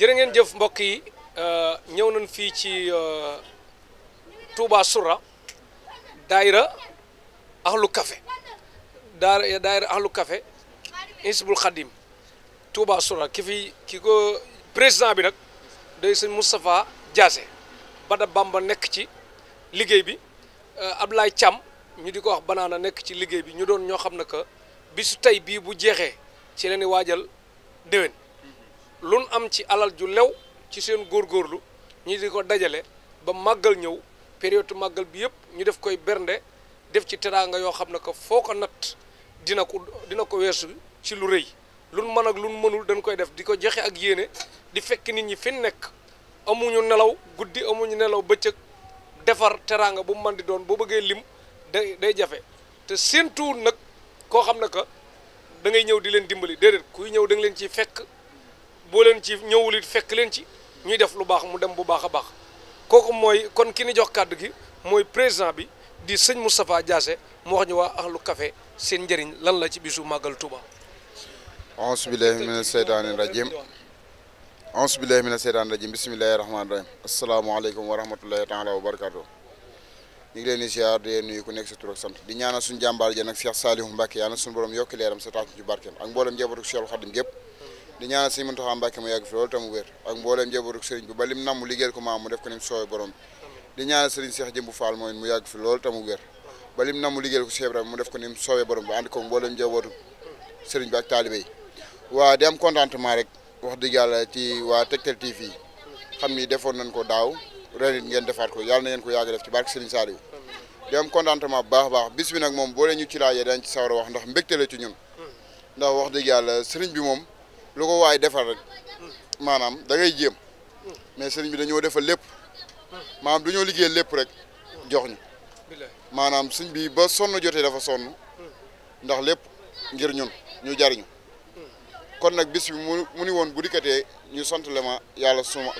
jërë ngeen jëf mbokk yi euh, ñëw nañ fii ci euh, Touba Sourah daayira Ahlu Café daa daayira Ahlu Café Hizbul Khadim Touba Sourah ki fi ki ko président bi nag day sëñ Moustapha Diasé Bada Bamba nekk ci liggéey bi ab euh, Ablaye Thiam ñu di ko wax banaana nekk ci liggéey bi ñu doon ñoo xam ne que bisu tey bii bu jeexee ci leen waajal déwén lu am ci alal ju lew ci seen góor góorlu ñi di ko dajale ba màggal ñëw période màggal bi yëpp ñu def koy bernde def ci teraanga yoo xam ne ko foo ko natt dina ko ko weesu ci lu rëy luñ mën ak luñ mënul dañ koy def di ko joxe ak yéene di fekk nit ñi fi nekk amuñu nelaw guddi amuñu nelaw bëccëg defar teraanga bu mu mën di doon boo bëggee lim day day jafe te seen tuur nag koo xam ne que dangay ñëw di leen dimbali déedéet kuy ñëw da leen ciy fekk. boo leen ci ñëwul it fekk leen ci ñuy def lu baax mu dem bu baax a baax kooku mooy kon ki ni jox kàddu gi mooy président bi di sëñ Moustapha Diassé mu wax ñu waa Ahlu kafe seen njariñ lan la ci bisu màggal Touba auzu billahi mina seytaani rajim auzu billahi mina seytaani rajim bismillahi rahmaani rahim asalaamaaleykum wa rahmatullahi taala wa barakatuh ñu ngi leen di ziar nekk sa tur sant di ñaanal suñu jàmbaar ja nag Cheikh Saliou Mbacke yàlla na suñu yokki leeram sa tax barkeem ak mboolem njabootu Cheikh Khadim di ñaanal sëñ Muntaxa Mbàkke mu yàgg fi loolu tam wér ak mbooleem njabootu sëriñ bi ba lim namm liggéeyal ko maam mu def ko ni mu soowee borom di ñaanal sëriñ Seex Jëmbu Faal mooy mu yàgg fi loolu tam wér ba lim namm liggéeyal ko Cheikh mu def ko ni soowee borom ba ànd ko mbooleem njabootu sëriñ bi ak taalibe waa di am contentement rek wax dëgg yàlla ci waa Tektal TV xam ni defoon nañ ko daaw ren it defaat ko yàlla na ngeen ko yàgg def ci barke Serigne Saliou di am contentement bu baax a baax bis bi nag moom boo leen ñu ci laajee dañ ci sawar wax ndax mbégte la ci ñun ndax wax dëgg yàlla sëriñ bi moom looko ko waay defal rek maanaam da ngay jéem mais sëriñ bi dañoo defal lépp maanaam dañoo liggéey lépp rek jox ñu maanaam sëñ bi ba sonn jotee dafa sonn ndax lépp ngir ñun ñu jariñu kon nag bis bi mu mu ni woon bu dikkatee ñu sant le ma yàlla suma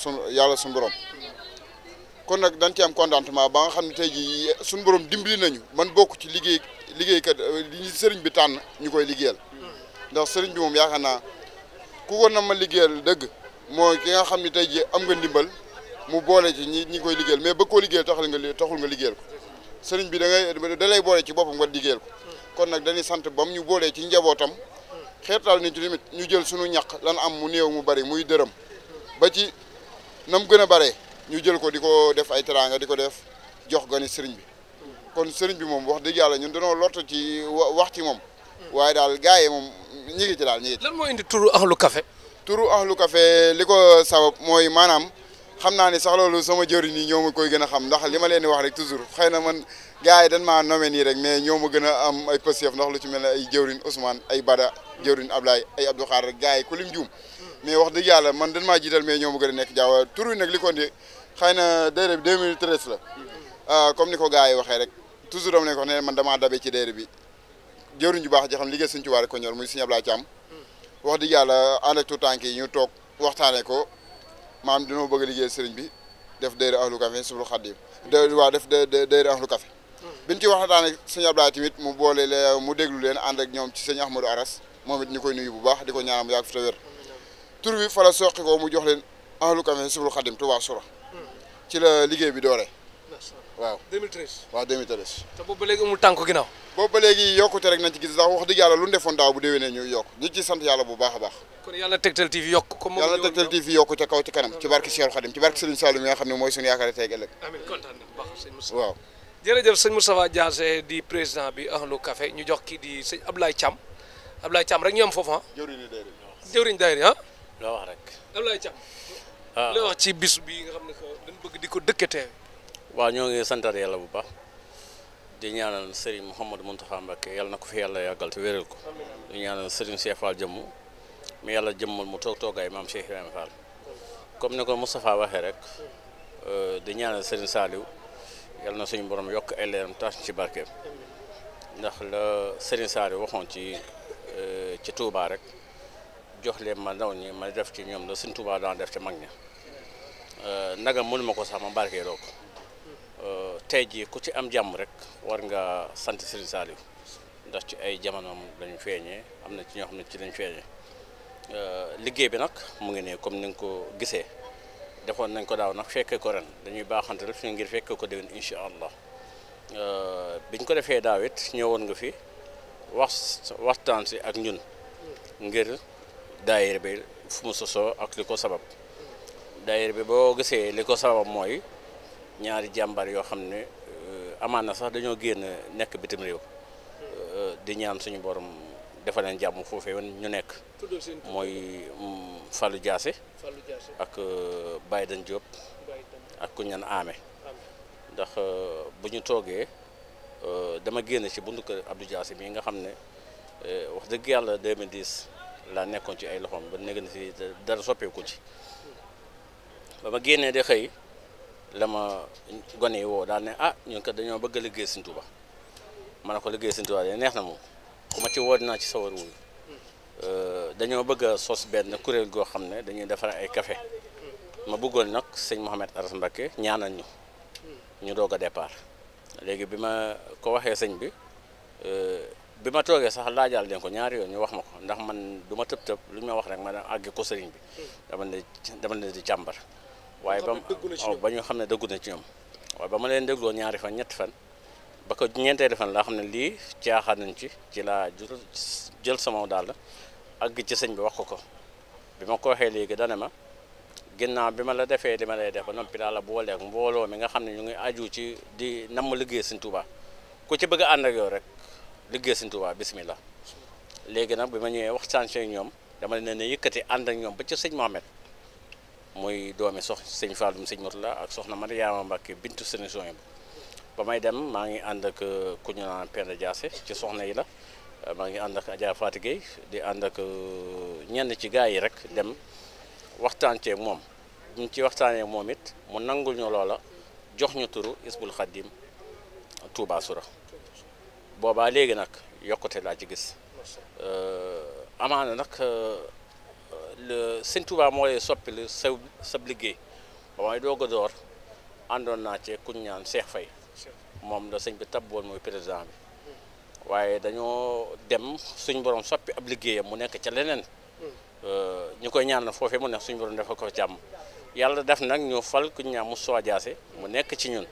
sun yàlla suñu borom kon nag dañ ci am contentement ba nga xam ne tey jii suñu borom dimbali nañu man bokk ci liggéey liggéeykat li sëriñ bi tànn ñu koy liggéeyal ndax sëriñ bi moom yaakaar naa ku ko na ma liggéeyal dëgg moo ki nga xam ni tey jii am nga ndimbal mu boole ci ñi ñi koy liggéeyal mais ba koo liggéeyal nga taxul nga liggéeyal ko sëriñ bi da ngay da lay boole ci boppam nga liggéeyal ko kon nag dañuy sant bam ñu boolee ci njabootam xeetal ni ci tamit ñu jël suñu ñaq lan am mu néew mu bari muy dërëm ba ci na mu gën a bare ñu jël ko di ko def ay teraanga di ko def jox gani sëriñ bi kon sëriñ bi moom wax dëgg yàlla ñun dañoo lott ci wax ci moom waaye daal gars moom ñi ngi ci daal ñi ngi ci. lan moo indi turu Ahlu Café. turu Ahlu Café li ko sabab mooy maanaam xam naa ni sax loolu sama jëriñ yi ñoo ma koy gën a xam ndax li ma leen di wax rek toujours xëy na man gars yi dañ maa nommé nii rek mais ñoo ma gën a am ay pësiyef ndax lu ci mel ne ay jëwriñ Ousmane ay Bada jëwriñ Ablaye ay Abdou xaar rek gars yi ku lim juum mais wax dëgg yàlla man dañ maa jiital mais ñoo ma gën a nekk jaaw tur yi nag li ko indi xëy na déedéet 2013 la ah, comme ni ko gars yi waxee rek toujours dama ne ko ne man damaa dabe ci déedéet bi jëruñ ju baax ji xam liggéey Sëñ Tuubaa rek ko ñor muy Sëñ Ablaye Thiam wax dëgg yàlla ànd ak tout tànk yi ñu toog waxtaanee ko maam dañoo bëgg a liggéey sëriñ bi def dayra ahlu café subul xaddim waa def dayra ahlu café biñ ci waxtaan ak Sëñ Ablaye tamit mu boole leen mu déglu leen ànd ak ñoom ci Sëñ Ahmadou Aras moom ñu koy nuyu bu baax di ko ñaanal mu yàgg fi te wér tur bi fa soqi ko mu jox leen ahlu café subul xaddim Tuubaa sura hmm. ci la liggéey bi dooree waaw 2013 waaw 2013 te boobu ba léegi amul tànk ginnaaw boobu ba léegi yokkute rek nañ ci gis ndax wax di yàlla lu ñu defoon daaw bu déwénee ñu yokk ñu ci sant yàlla bu baax a baax kon yàlla Tektal TV yokk comme yàlla Tektal TV yokk ca kaw ci kanam ci barki Cheikh Khadim ci barki Serigne Saliou di président bi Ahlu Café ñu jox kii di sëñ Ablaye Thiam Ablaye Thiam rek ñu am foofu ah jëwriñ daayira jëwriñ daayira ah loo wax rek Ablaye Thiam ah. loo wax ci bis bi nga xam ne ko di ko dëkkatee waa ñoo ngi santaat yàlla bu baax di ñaanal Serigne Mouhamadou Mountakha Mbacké yàlla na ko fi yàlla yàggal te wéral ko di ñaanal Serigne Cheikh Fall jëmm mi yàlla jëmmal mu toog toogaay maam Cheikh Ibrahima Fall comme ni ko Moustapha waxee rek euh, di ñaanal Serigne Saliou yàlla na suñu boroom yokk ay leeram taas ci barkeem ndax la Serigne Saliou waxoon ci euh, ci Touba rek jox leen ma ndaw ñi ma def ci ñoom la suñ Touba daan def ci mag ña euh, nagam mënuma ko sax ma barkeeloo ko Euh, tey jii ku ci am jàmm rek war nga sant Serigne Saliou ndax ci ay jamonoom lañu feeñee am na ci ñoo xam ne ci lañu feeñee euh, liggéey bi nag mu ngi ne comme ni nga ko gisee defoon nañ ko daaw nag fekkee ko ren dañuy baaxante rek ngir fekkee ko déwén incha allah euh, biñ ko defee daaw ñëw woon nga fi wax waxtaan si ak ñun ngir daayira bi fu mu sosoo ak li ko sabab daayira bi boo gisee li ko sabab mooy. ñaari jàmbaar yoo xam ne euh, amaan na sax dañoo génn nekk bitim réew euh, di ñaan suñu borom defal leen jàmm yoon ñu nekk mooy mm, falu Diassé ak euh, Baye dañ Diop ak kuñ ñan aame ndax bu ñu toogee dama génn ci buntu kër Abdou Diassé mii nga xam ne wax dëgg yàlla 2010 laa nekkoon ci ay loxoom ba nekk na si dara soppeeku ci ba ma génnee de xëy la ma gone yi woo daal ne ah ñun kat dañoo bëgg a liggéey Sëñ ba ma ne ko liggéey Sëñ Tuuba de neex na moom ku ma ci woo dinaa ci sawar euh, dañoo bëgg a sos benn kuréel goo xam ne dañuy defar ay kafe ma bëggoon nag sëñ Mouhamed Aras Mbacké ñaanal ñu ñu doog a départ léegi bi ma ko waxee sëñ bi euh, bi ma toogee sax laajaal leen ko ñaari yoon ñu wax ma ko ndax man du ma tëb tëb lu ñu ma wax rek ma dem àggi ko sëriñ bi dama ne di càmbar waaye ba ba ñu xam ne dëggu na ci ñoom waaye ba ma leen dégloo ñaari fan ñetti fan ba ko ñeenteeli fan laa xam ne lii jaaxaan nañ ci ci laa jël sama daal la àgg ci sëñ bi wax ko ko bi ma ko waxee léegi dana ma ginnaaw bi ma la defee li ma lay def ba noppi daal la booleeg mbooloo mi nga xam ne ñu ngi aju ci di nam ma liggéey sëñ Tuubaa ku ci bëgg ànd ak yow rek liggéey sëñ Tuubaa bisimilah léegi nag bi ma ñëwee waxtaan ci ñoom dama ne ne yëkkati ànd ak ñoom ba ci sëñ Mohamed muy doomi sox sëñ Falloum sëñ la ak soxna Mariama Mbacke bintu sëñ Sohaybu ba may dem maa ngi ànd ak euh, ku ñu naan Penda Diassé ci soxna yi la euh, maa ngi ànd ak Adja Fatou Gueye di ànd ak euh, ñenn ci gaa yi rek dem waxtaan ceeg moom buñ ci waxtaanee moom it mu nangul ñu loola jox ñu turu Isbul Xaddim Touba Soura boobaa léegi nag yokkute laa ci gis amaana nag. sëñ Touba moo lay soppil sab liggéey waaye may doog a door àndoon naa ci kuñ ñaan Cheikh Faye moom la sëñ tab tabboon mooy président bi waaye dañoo dem suñ borom soppi ab liggéeyam mu nekk ca leneen euh, ñu koy ñaan na foofee mu nekk suñ borom defal ko jàmm yàlla def nag ñu fal kuñ ñaan mu soojaase mu nekk ci ñun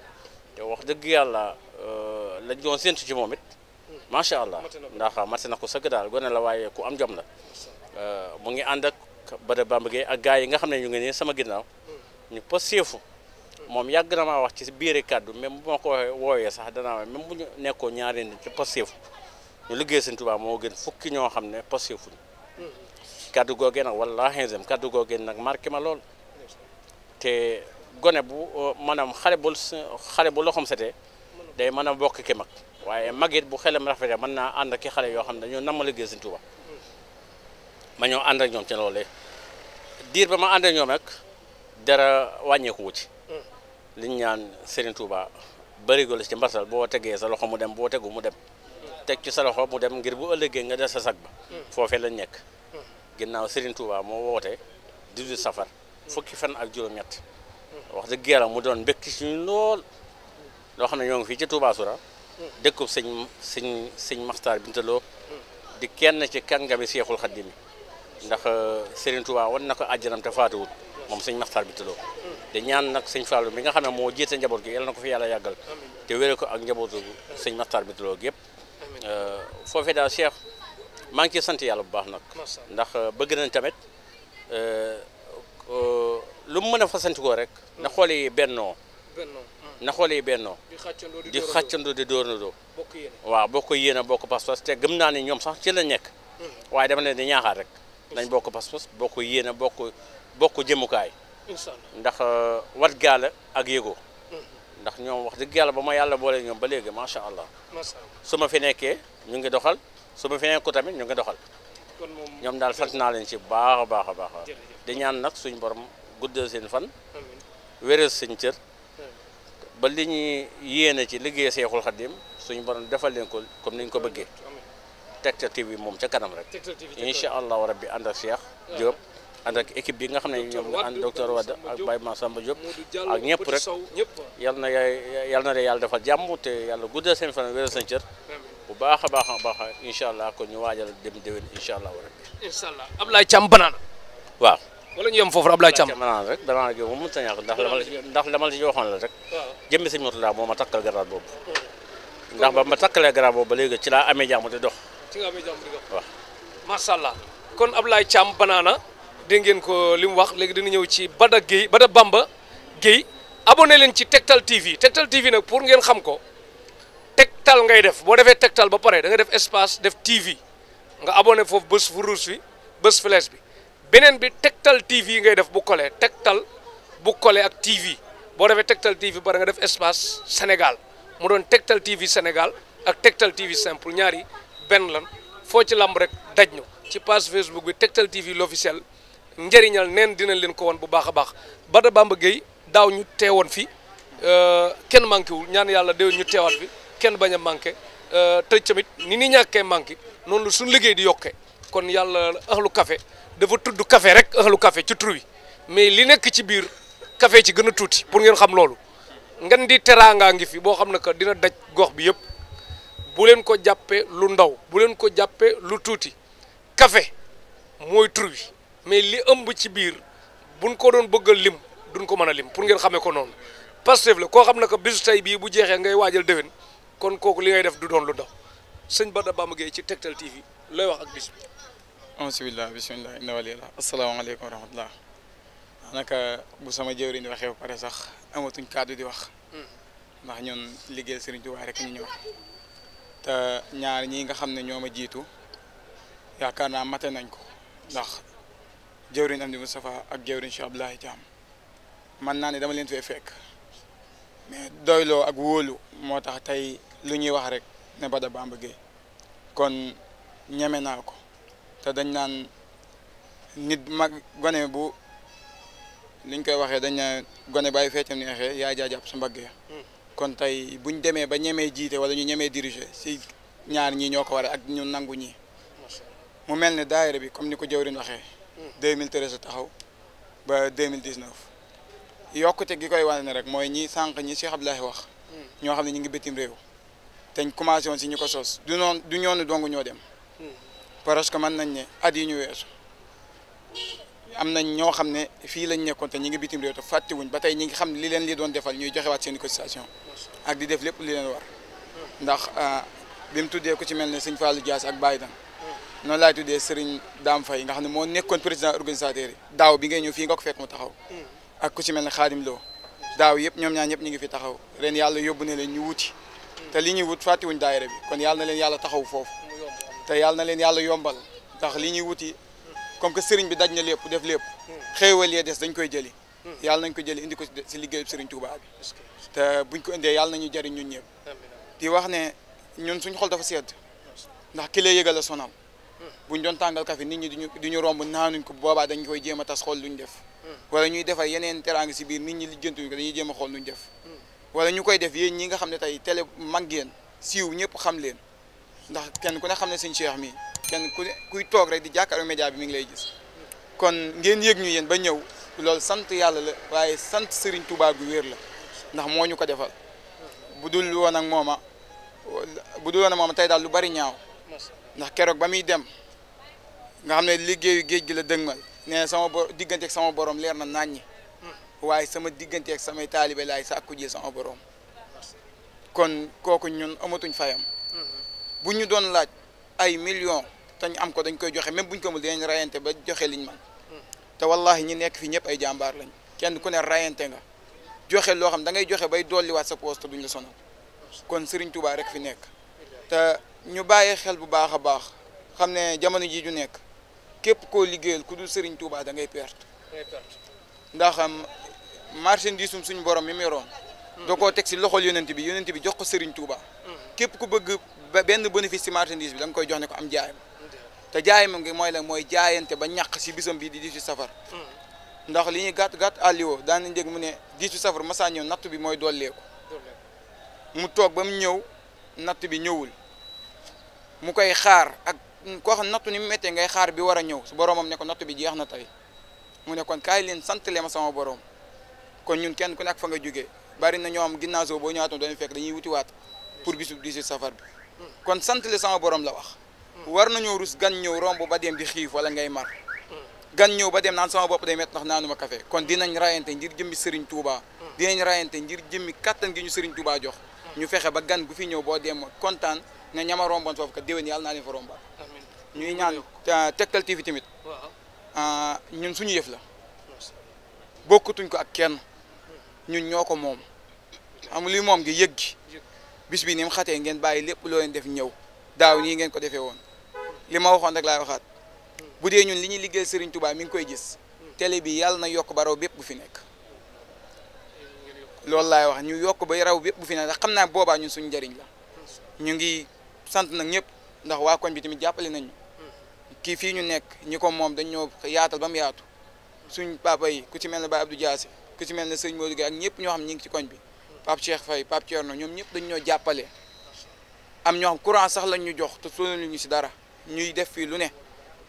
te wax dëgg yàlla euh, lañ doon séntu ci moom it macha allah ndax mate na ko sëgg daal gone la waaye ku am jom la euh, mu ngi ànd ak Bada Bamba Gueye ak gars yi nga xam ne ñu ngi nii sama ginnaaw ñu pasteefu moom yàgg na ma wax ci biiri kàddu même bu ma ko wooyee sax danaa wax même bu ñu nekkoo ñaari nit ci pasteefu ñu liggéey Sëñ Tuubaa moo gën fukki ñoo xam ne pasteefuñu kàddu googee nag wallaahi zem kàddu googee nag marqué ma lool te gone bu uh, maanaam xale bu xale bu loxom setee day mën a bokk ki mag waaye mag it bu xelam rafetee mën naa ànd ak xale yoo xam ne dañoo namm liggéey Sëñ ma ñoo diir ba ma ànd ak nag dara wàññeeku ci liñ ñaan Serigne Touba bërigo la ci mbartal boo tegee sa loxo mu dem boo tegu mu dem teg ci sa loxo mu dem ngir bu ëllëgee nga des sa sag ba foofee lañ nekk ginnaaw Serigne Touba moo woote 18 safar fukki fan ak juróom-ñett wax dëgg yàlla mu doon mbégte ci ñun lool loo xam ne ñoo fii ci Touba Soura dëkkub sëñ sëñ sëñ Maxtaar Bintaloo di kenn ci kàngami Seexul Xaddim ndax euh, Serigne Touba wan na ko àjjanam te faatuwut moom sëñ Maxtaar bi Tullo ñaan nag sëñ Fallou mi nga xam ne moo jiite njaboot ki yàlla na ko fi yàlla yàggal te wére ko ak njabootu sëñ Maxtaar bi Tullo yëpp euh, foofee daal Cheikh maa ngi ciy sant yàlla bu baax nag ndax euh, bëgg nañ tamit lu mu mën a fasantikoo rek na mm. xool yi bennoo mm. na xool yi bennoo di xàccandoo di dóorandoo waaw bokk yéen a bokk pas-pas te gëm naa ni ñoom sax ci la nekk mm. waaye dama leen nañ bokk pas-pas bokk yéene bokk bokk jëmukaay. incha allah ndax euh, wat gaala ak yëgoo. Mm-hmm. ndax ñoom wax dëgg yàlla ba ma yàlla boole ñoom ba léegi macha allah. su ma fi nekkee ñu ngi doxal su ma fi nekkul tamit ñu ngi doxal. kon moom ñoom daal sant naa leen ci baax a baax a baax. di ñaan nag suñ borom guddal seen fan. wéral seen cër. ba li ñuy yéene ci liggéey Seexul Xadim suñu borom defal leen ko comme ni ñu ko bëggee. Tektal TV moom ca kanam rek. incha allahu rabbi ànd ak Cheikh Diop. ànd ak équipe bi nga xam ne ñoom nga ànd docteur Wade ak Baye Massamba Diop ak ñëpp rek yal na yal na de yàlla defal jàmm te yàlla guddal seen fan wéral seen cër bu baax a baax a baax incha allah kon ñu waajal dem déwén incha allah rek. incha allah Ablaye Thiam waaw wala ñu yem foofu Ablaye Thiam banaan rek banaan gi moom mënut a ñàkk ndax dama la ndax dama la ci waxoon la rek. waaw jëmmi sëñ Mourtada ma takkal garaat boobu. Mm. ndax ba ma takkalee garaat boobu ba léegi ci laa amee jàmm te dox. ci nga amee jàmbur ga macha allah kon Ablaye Thiam banaana dégg ngeen ko li mu wax léegi dina ñëw ci Bada Guèye Bada Bamba Guèye abonné leen ci Tektal TV Tektal TV nag pour ngeen xam ko tegtal ngay def boo defee tegtal ba pare danga def espace def TV nga abonné foofu bës fu ruus bi bés flash bi beneen bi Tektal TV ngay def bu kolee tegtal bu kolee ak TV boo defee Tektal TV pare nga def espace Sénégal mu doon Tektal TV Sénégal ak Tektal TV simple ñaari benn lan foo ci lamb rek daj ñu ci page Facebook bi Tektal TV l'officiel njëriñal neen dinañ leen ko woon bu baax a baax Bada Bamba Gueye daaw ñu teewoon fi euh, kenn manqué wul ñaan yàlla déwén ñu teewal fi kenn bañ a manqué euh, te tamit ni ni ñàkkee manqué noonu la suñu liggéey di yokke kon yàlla ahlu kafe dafa tudd kafe rek ahlu kafe ci tur mais li nekk ci biir kafe ci gën a tuuti pour ngeen xam loolu ngan di teraangaa ngi fi boo xam ne que dina daj gox bi yëpp bu leen ko jàppee lu ndaw bu leen ko jàppee lu tuuti kafe mooy tur wi mais li ëmb ci biir buñ ko doon bëgg a lim duñ ko mën a lim pour ngeen xamee ko noonu Pastef la koo xam ne que bisu tey bii bu jeexee ngay waajal déwén kon kooku li ngay def du doon lu ndaw sëñ Bada Bamba Gueye ci Tektal TV looy wax ak bis bi. bisimilah bisimilah inna walillah asalaamaaleykum wa rahmatullah naka bu sama jëwriñ waxee ba pare sax amatuñ kàddu di wax. Hmm. ndax ñun liggéey Serigne Touba rek ñu ñëw. te ñaar ñi nga xam ne ñoo ma jiitu yaakaar naa mate nañ ko ndax jëwriñ Amdi Moustapha ak jëwriñ Cheikh Abdoulaye Thiam man naa ne dama leen fee fekk mais doyloo ak wóolu moo tax tey lu ñuy wax rek ne Bada Bamba Gueye kon ñeme naa ko te dañ naan nit mag gone bu liñ koy waxee dañ na gone bàyyi feccam neexee yaay jaajàpp su mbaggee kon tey bu ñu demee ba ñemee jiite wala ñu ñemee diriger si ñaar ñii ñoo ko waree ak ñu nangu ñi mu mel ne daayira bi comme ni ko jëwriñ waxee 2013 hmm. taxaw ba 2019 yokkute gi koy wane ne rek mooy ñi sànq ñi Cheikh Abdoulaye wax hmm. ñoo xam ne ñu ngi bitim réew teñ commencé woon si ñu ko sos du noonu du ñoonu dong ñoo dem hmm. parce que mën nañ ne at yi ñu weesu am nañ ñoo xam ne fii lañ nekkoon te ñu ngi bitim réew te fàttewuñ ba tey ñi ngi xam li leen li doon defal ñuy joxewaat seen i cotisation ak di def lépp li leen war ndax ah, bi mu tuddee ku ci mel ne sëñ Fallou Dias ak Baye Dan noonu laay tuddee Serigne Dame Faye nga xam ne moo nekkoon président organisateur yi daaw bi ngay ñëw fii nga ko fekk mu taxaw ak ku ci mel ne Khadim Lo daaw yëpp ñoom ñaar ñëpp ñu ngi fi taxaw reen yàlla yóbbu ne leen ñu wuti te li ñuy wut fàttewuñ daayira bi kon yàlla leen yàlla taxaw foofu te yàlla na leen yàlla yombal comme que sëriñ bi daj na lépp def lépp hmm. xéewal yee des dañ koy jëli hmm. yàlla nañ ko jëli indi ko si liggéeyub sëriñ Touba bi te buñ ko indee yàlla nañu jariñ ñun ñëpp di wax ne ñun suñ xol dafa sedd ndax ki lay yëgal a sonal hmm. buñ doon tàngal kafe nit ñi duñu du ñu romb naanuñ ko boobaa dañ koy jéem a tas xool def wala ñuy defar yeneen teraanga si biir nit ñi lijjantuñ ko dañuy jéem a def wala ñu koy def yéen ñi nga xam ne tey télé mag ngeen siiw ñëpp xam leen ndax kenn ku ne xam ne sëñ seex mi kenn ku kuy toog rek di jàkkaarloo média bi mu ngi lay gis kon ngeen yëg ñu yéen ba ñëw lool sant yàlla la waaye sant sëriñ tubaab gu wér la ndax moo ñu ko defal bu dul woon mooma bu dul woon ak tey daal lu bari ñaaw ndax keroog ba muy dem nga xam ne liggéeyu géej gi la dëgmal nee na sama bo digganteeg sama boroom leer na ñi waaye sama digganteeg samay taalibe laay sàkku ji sama borom kon kooku ñun amatuñ fayam mm-hmm. bu ñu doon laaj ay millions. tañ am ko dañ koy joxe même buñ ko mul dinañ rayante ba joxe liñ man te wallahi ñi nekk fi ñëpp ay jàmbaar lañ kenn ku ne rayante nga joxe loo xam da ngay joxe bay dolliwaat sa poste duñ la sonal kon sëriñ Touba rek fi nekk te ñu bàyyi xel bu baax a baax xam ne jamono ji ju nekk képp koo liggéeyal ku dul Serigne da ngay perte ndax marchandise um suñu borom mi mu yoroon mm-hmm. da koo teg si loxol yonent bi yonent bi jox ko sëriñ Touba mm-hmm. képp ku bëgg benn bénéfice si marchandise bi da koy jox ne ko am jaay te jaay moom ngi mooy lan mooy jaayante ba ñàq si bisam bi di dix-huit safar mm. ndax li ñuy gàtt gàtt àlliwoo daan nañ mu ne dix-huit safar masaa natt bi mooy dolleeku mu toog ba mu ñëw natt bi ñëwul mu koy xaar ak koo xam ni mu méttee ngay xaar bi war a ñëw su boromam ne ko natt bi jeex na tey mu ne kon leen sant leen ma sama borom kon ñun kenn ku nekk fa nga jógee bari na ñoo am ginnaaw soo boo ñëwaatoon dañuy fekk dañuy wutiwaat pour bisu 18 safar bi mm. kon sant leen sama borom la wax. war nañoo rus gan ñëw romb ba dem di xiif wala ngay mar gan ñëw ba dem naan sama bopp day met ndax naanuma café kon dinañ rayante ngir jëmmi Serigne Touba dinañ rayante ngir jëmmi kattan gi ñu Serigne Touba jox ñu fexe ba gan gu fi ñëw boo dem kontaan ne ñama romboon foofu kat déwén yàlla naa leen fa rombaat ñuy ñaan Tektal TV tamit ah, ñun suñu yëf la bokkatuñ ko ak kenn ñun ñoo ko moom xam li moom gi yëg gi bis bi ni mu xatee ngeen bàyyi lépp loo leen def ñëw daaw nii ngeen ko defee woon li ma waxoon rek laay waxaat bu dee ñun li ñuy liggéey Serigne Touba mi ngi koy gis télé bi yàlla na yokk ba raw bépp bu fi nekk loolu laay wax ñu yokk ba raw bépp bu fi nekk ndax xam naa boobaa ñun suñu njëriñ la ñu ngi sant nag ñëpp ndax waa koñ bi tamit jàppale nañu kii fii ñu nekk ñi ko moom dañ ñoo yaatal ba mu yaatu suñ papa yi ku ci mel ne Baye Abdou Diassé ku ci mel ne sëñ Modou Gueye ak ñëpp ñoo xam ñi ngi ci koñ bi Pape Cheikh Faye Pape Thierno ñoom ñëpp dañ ñoo jàppale am ñoo xam courant sax lañ ñu jox te sonal ñu si dara ñuy def fii lu ne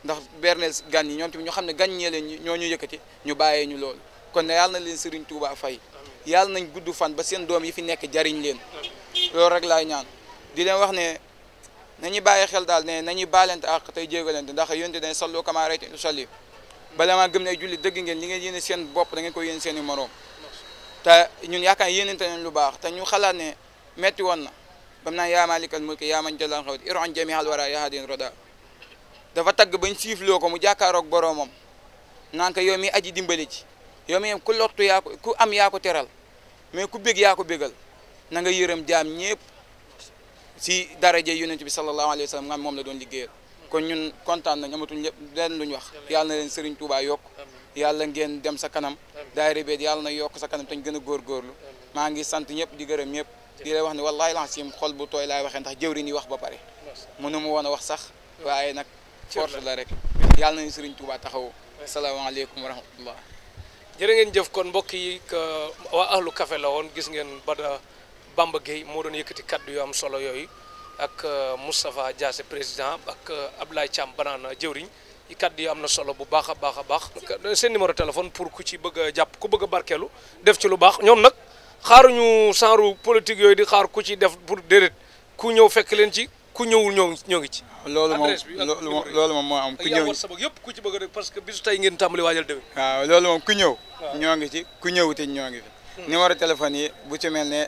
ndax berneel gan yi ñoom tamit ñoo xam ne gan ñee leen ñoo ñu yëkkati ñu bàyyee ñu lool kon ne yàlla na leen Serigne Touba fay yàlla nañ gudd fan ba seen doom yi fi nekk jariñ leen loolu rek laay ñaan di leen wax ne nañu bàyyi xel daal ne nañuy baalente àq tey jéegalente ndax yonte dañ salloo kama raytu usalli bala maa gëm ne ay julli dëgg ngeen li ngeen yéene seen bopp da ngeen ko yéene seen i moroom te ñun yaakaar lu baax te ñu xalaat ne metti woon na bam naan yaa maalikal mulki yaa man jalal xawt iron jamihal wara yaa hadin roda dafa tagg bañ siifloo ko mu jàkkaaroog boroomam naan ko mi aji dimbali ci yow mi ku lottu yaa ku am yaa ko teral mais ku bég yaa ko bégal na yërëm jaam ñépp si dara daraje yonent bi sallallahu alayhi wa sallam nga moom la doon liggéeyal kon ñun kontaan nañ amatuñ lépp leen luñ wax yàlla na leen Serigne Touba yokk yàlla ngeen dem sa kanam daayira bi yàlla na yokk sa kanam te gën a góorgóorlu maa ngi sant ñëpp di gërëm ñëpp di lay wax ne wallaay lancim xol bu tooy laay waxee ndax jëwriñ yi wax ba pare mënu mu woon a wax sax waaye nag force la rek yàlla nañu sëriñ Tuubaa taxaw salaamaaleykum wa rahmatullah jërë ngeen jëf kon mbokk yi waa ahlu kafe la woon gis ngeen Bada Bamba Gueye moo doon yëkkati kaddu yu am solo yooyu ak euh, Moustapha Diassé président ak ab euh, Abdoulaye Thiam Banana jëwriñ yi kaddu yi am na solo bu baax a baax a baax seen numéro téléphone pour ku ci bëgg a jàpp ku bëg a barkeelu def ci lu baax ñoom nag xaaruñu genre politique yooyu di xaar ku ci def pour déedéet ku ñëw fekk leen ci ku ñëwul ñoo ñoo ngi ci. loolu moom loolu moom moo am ku ñëw sabak yëpp ku ci bëgg rek parce que bisu tey ngeen tàmbali waajal déwén. waaw loolu moom ku ñëw. ñoo ngi ci ku ñëw te ñoo ngi fi. Hmm. numéro téléphone yi bu ci mel ne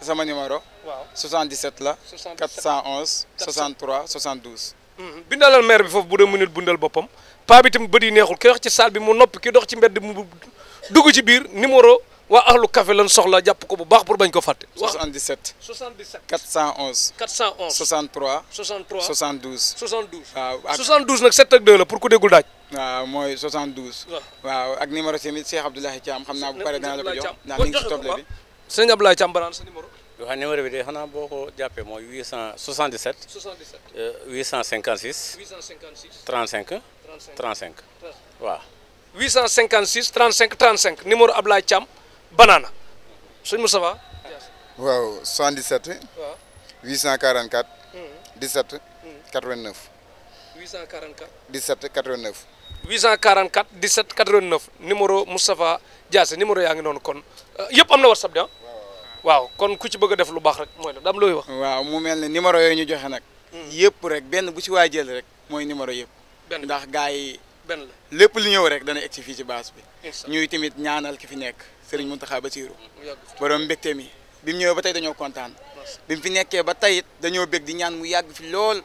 sama numéro. waaw 77 la. 77 411 63 72. bindalal maire bi foofu bu dee mënul bundal boppam paa bi itam bët yi neexul ki wax ci salle bi mu noppi ki dox ci mbedd mu dugg ci biir numéro. waa ahlu café lan soxla jàpp ko bu baax pour bañ ko fàtte. 77 77 411. 411 63. 63 72. 72 waaw ak 72 nag 7 ak 2 la pour ku déggul daaj. waaw mooy 72. waaw ak numéro tamit Cheikh Abdoulaye Thiam xam naa bu paree dana la ko jox ndax mi ngi si toble bi. sëñ Abdoulaye Thiam boo ko jàppee mooy 877. 77 856. 856 35. 35 35 waaw. 856 35 35 numéro Abdoulaye Thiam. banaana sëñ Moustapha waaw 77. waaw 844. 17. 89. 844. 17 89. 844 17 89 numéro Moustapha Diassé numéro yaa ngi noonu kon euh, yëpp am na WhatsApp de ah. waaw kon ku ci bëgg a def lu baax rek mooy la daam looy wax. waaw mu mel ni numéro yooyu ñu joxe nag. Hmm. yëpp rek benn bu ci waa jël rek mooy numéro yëpp. benn ndax gars yi. benn lépp lu ñëw rek dana egg si fii ci base bi. ñuy tamit ñaanal ki fi nekk. Serigne Mountakha Bassirou borom mbégte mi bi mu ñëwee ba tey dañoo kontaan bi mu fi nekkee ba tey dañoo bég di ñaan mu yàgg fi lool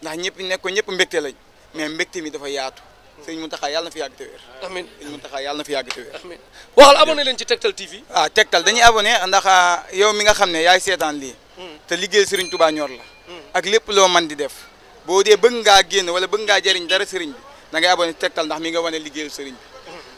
ndax ñëpp nekk ko ñëpp mbégte lañ mais mbégte mi dafa yaatu mm. Serigne Mountakha yàlla na fi yàgg te wér amiin Serigne Mountakha yàlla fi yàgg te wér amiin waxal abonné leen ci tal TV ah Tektal dañu abonné ndax ah, yow mi nga xam ne yaay seetaan lii mm. te liggéey Serigne Touba ñor la mm. ak lépp loo man di def boo dee bëgg ngaa génn wala bëgg ngaa jëriñ dara Serigne bi da ngay abonné Tektal ndax mi nga wane liggéeyu Serigne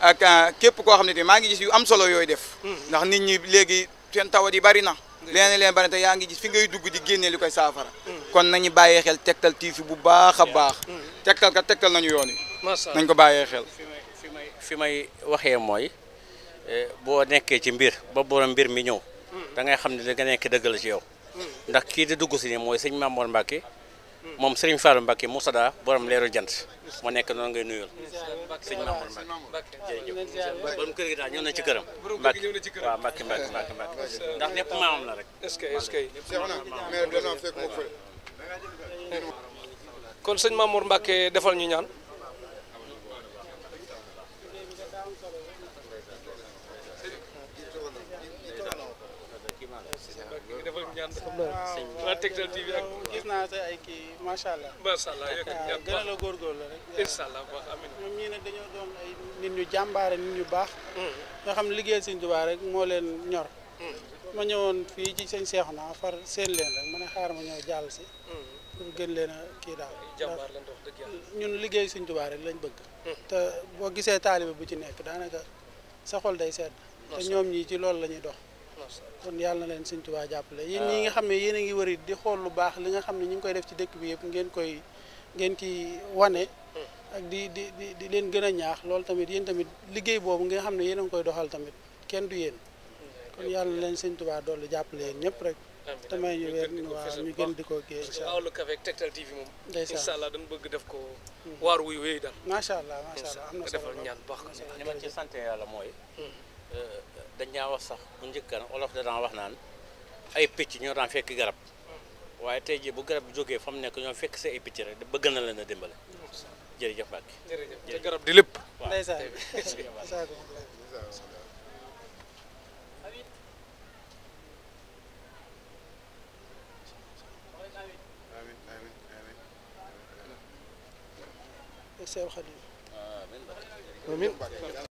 ak euh, képp koo xam ne te maa ngi gis yu am solo yooyu def hmm. ndax nit ñi léegi seen tawat yi bari na leneen leen bari te yaa ngi gis si ngay dugg di génne li koy saafara hmm. kon nañu bàyyee xel Tektal TV bu baax a baax hmm. Tektal ka Tektal nañu yoon wi nañ ko bàyyee xel fi may fi waxee mooy eh, boo nekkee ci mbir ba borom mbir mi ñëw da ngay xam ne li nga nekk yow ndax kii di dugg si ni mooy sëñ Mamour Mbacke moom Serigne Fallou Mbacke Moussada borom leeru jant moo nekk noonu ngay nuyul sëñ Mamour Mbacke jërëjëf borom kër gi daal ñëw na ci këram Mbacke waaw Mbacke Mbacke Mbacke Mbacke ndax lépp maamam la rek kon sëñ Mamour Mbacke defal ñu ñaan waa gis naa si ay kii macha allah. macha allah góor gën a la góorgóorlu rek. incha ñii nag dañoo doon nit ñu jàmbaare nit ñu baax. Mm. nga xam liggéey seen Tuubaa rek moo leen ñor. Mm. ma ñëwoon fii ci sëñ Seexuna far seen leen rek ma a xaar ma ñëw jàll si. Mm. pour gën leen a kii daal. jàmbaar lañ ñun liggéey sëñ Tuubaa rek lañ bëgg. te boo gisee taalibe bu ci nekk daanaka sa day sedd. te ñoom ñii ci loolu la ñuy dox kon yàlla na leen Sëñ Tuubaa jàppale yéen yi nga xam ne yéen a ngi wëri di xool lu baax li nga xam ne ñu ngi koy def ci dëkk bi yëpp ngeen koy ngeen ci wane ak di di di di leen gën a ñaax lool tamit yéen tamit liggéey boobu nga xam ne yéen a ngi koy doxal tamit kenn du yéen kon yàlla na leen Sëñ Tuubaa dolli jàppale yéen ñëpp rek damay ñu weer waaw ñu gën di ko kii incha allah Euhlou Café ak Tektal TV moom allah bëgg def ko hmm. waar wuy wéy daal macha allah macha allah am na solo defal ñaan baax mooy hmm. euh, dañ daan wax sax bu njëkkan olof da daan wax naan ay picc ñoo daan fekk garab waaye te jii bu garab bi jógee fa mu nekk ñoo fekk sa ay picc rek bëgg na leen a dimbale garab di lépp ndeysaan Seex